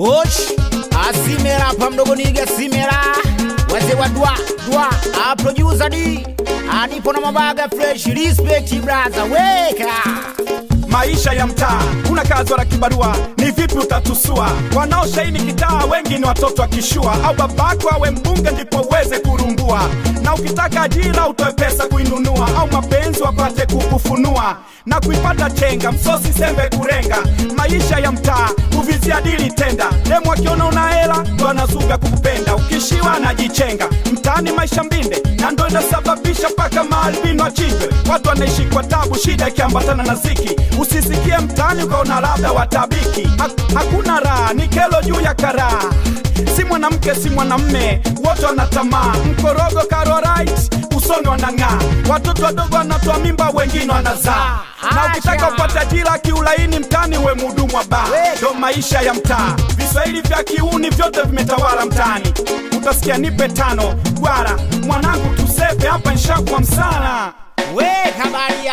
Osh, asimera pamdogo nige simera Wazee wa dua, dua, a producer Anipo na mabaga fresh, respect brother, weka Maisha ya mtaa, kazi la kibarua, ni vipi utatusua? Wanaoshaini kitaa wengi ni watoto akishua, au babako awe mbunge ndipo uweze kurumbua, na ukitaka ajira utoe pesa kuinunua, au mapenzi wapate kukufunua na kuipata chenga, msosi sembe kurenga, maisha ya mtaa kuvizia adili tenda, demu akiona una hela ndo anazuga kukupenda, ukishiwa anajichenga, mtaani maisha mbinde, na ndo inasababisha paka maalbino achinjwe, watu wanaishi kwa tabu, shida ikiambatana na ziki, usisikie mtaani ukaona labda watabiki, hakuna raha, ni kelo juu ya karaha si mwanamke si mwanamme, wote wanatamaa Mkorogo karo right, usoni wanang'aa, watoto wadogo wanatoa mimba, wengine wanazaa. Ah, Na ukitaka upata jira kiulaini mtani, we mhudumu wa baa, ndo maisha ya mtaa. Viswahili vya kiuni vyote vimetawala mtani utasikia nipe tano gwara mwanangu, tusepe hapa nshakwa msana we ya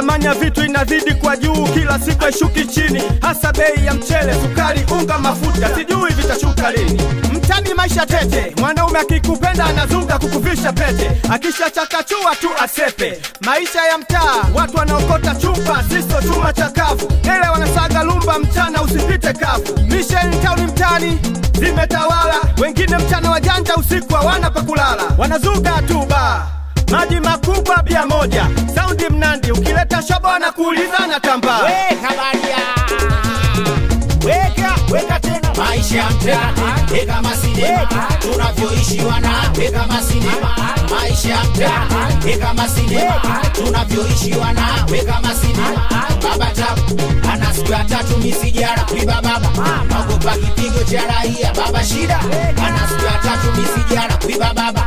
Thamani ya vitu inazidi kwa juu, kila siku haishuki chini, hasa bei ya mchele, sukari, unga, mafuta, sijui vitashuka lini. Mtani maisha tete, mwanaume akikupenda anazunga kukuvisha pete, akishachakachua tu asepe. Maisha ya mtaa, watu wanaokota chupa, siso chuma chakavu, ele wanasaga lumba mchana, usipite kavu. Mission town mtani zimetawala, wengine mchana wajanja, usiku hawana pakulala, wanazuga tu baa maji makubwa bia moja, saundi mnandi, ukileta shobo na kuuliza na tamba. We kabaria, weka weka tena maisha ya maisha ya baba tabu ana siku ya tatu misijara kuiba baba kipigo cha raia baba shida ana siku ya tatu misijara kuiba baba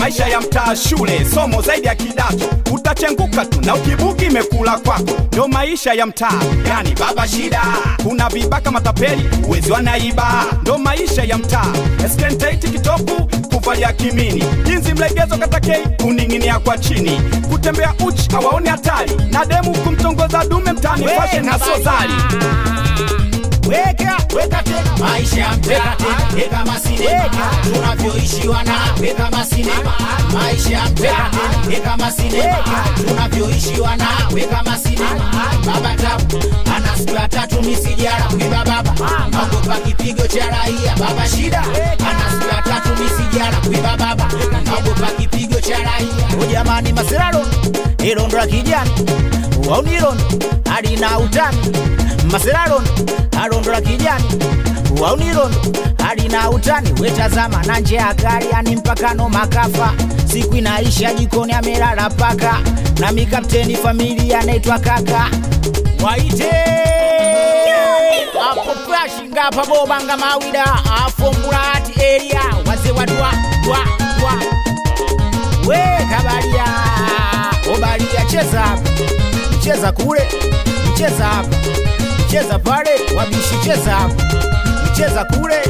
maisha ya mtaa, shule, somo zaidi ya kidato, utachenguka tu na ukibuki imekula kwako, ndo maisha ya mtaa. Yani baba shida, kuna vibaka matapeli, wezi wanaiba, ndo maisha ya mtaa. Eskentaiti kitopu kuvalia kimini, jinsi mlegezo katakei, kuning'inia kwa chini, kutembea uchi awaone hatari, na demu kumtongoza dume mtani, fashe na sozali weka weka tena maisha ya mtaa, weka tena kama sinema tunavyoishi ni kama sinema, maisha ya mtaa ni kama sinema, tunavyoishi Baba tabu ana siku ya tatu ni kuiba baba naogopa kipigo cha raia. Baba shida ana siku ya tatu ni kuiba baba naogopa kipigo cha raia. Jamani masira irondo la kijani wauni alina utani masela rondo la kijani wauni irondo alina utani wetazama na nje ya gari ani mpakano makafa siku inaisha jikoni amelala paka na mikapteni familia anaitwa kaka waite apopashinga pabobanga mawida afombulati eria wazewadwa wadwa dwa dwa mcheza hapa, mcheza kule, mcheza hapa, mcheza pale, wabishi cheza hapa, mcheza kule,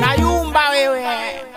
nayumba wewe.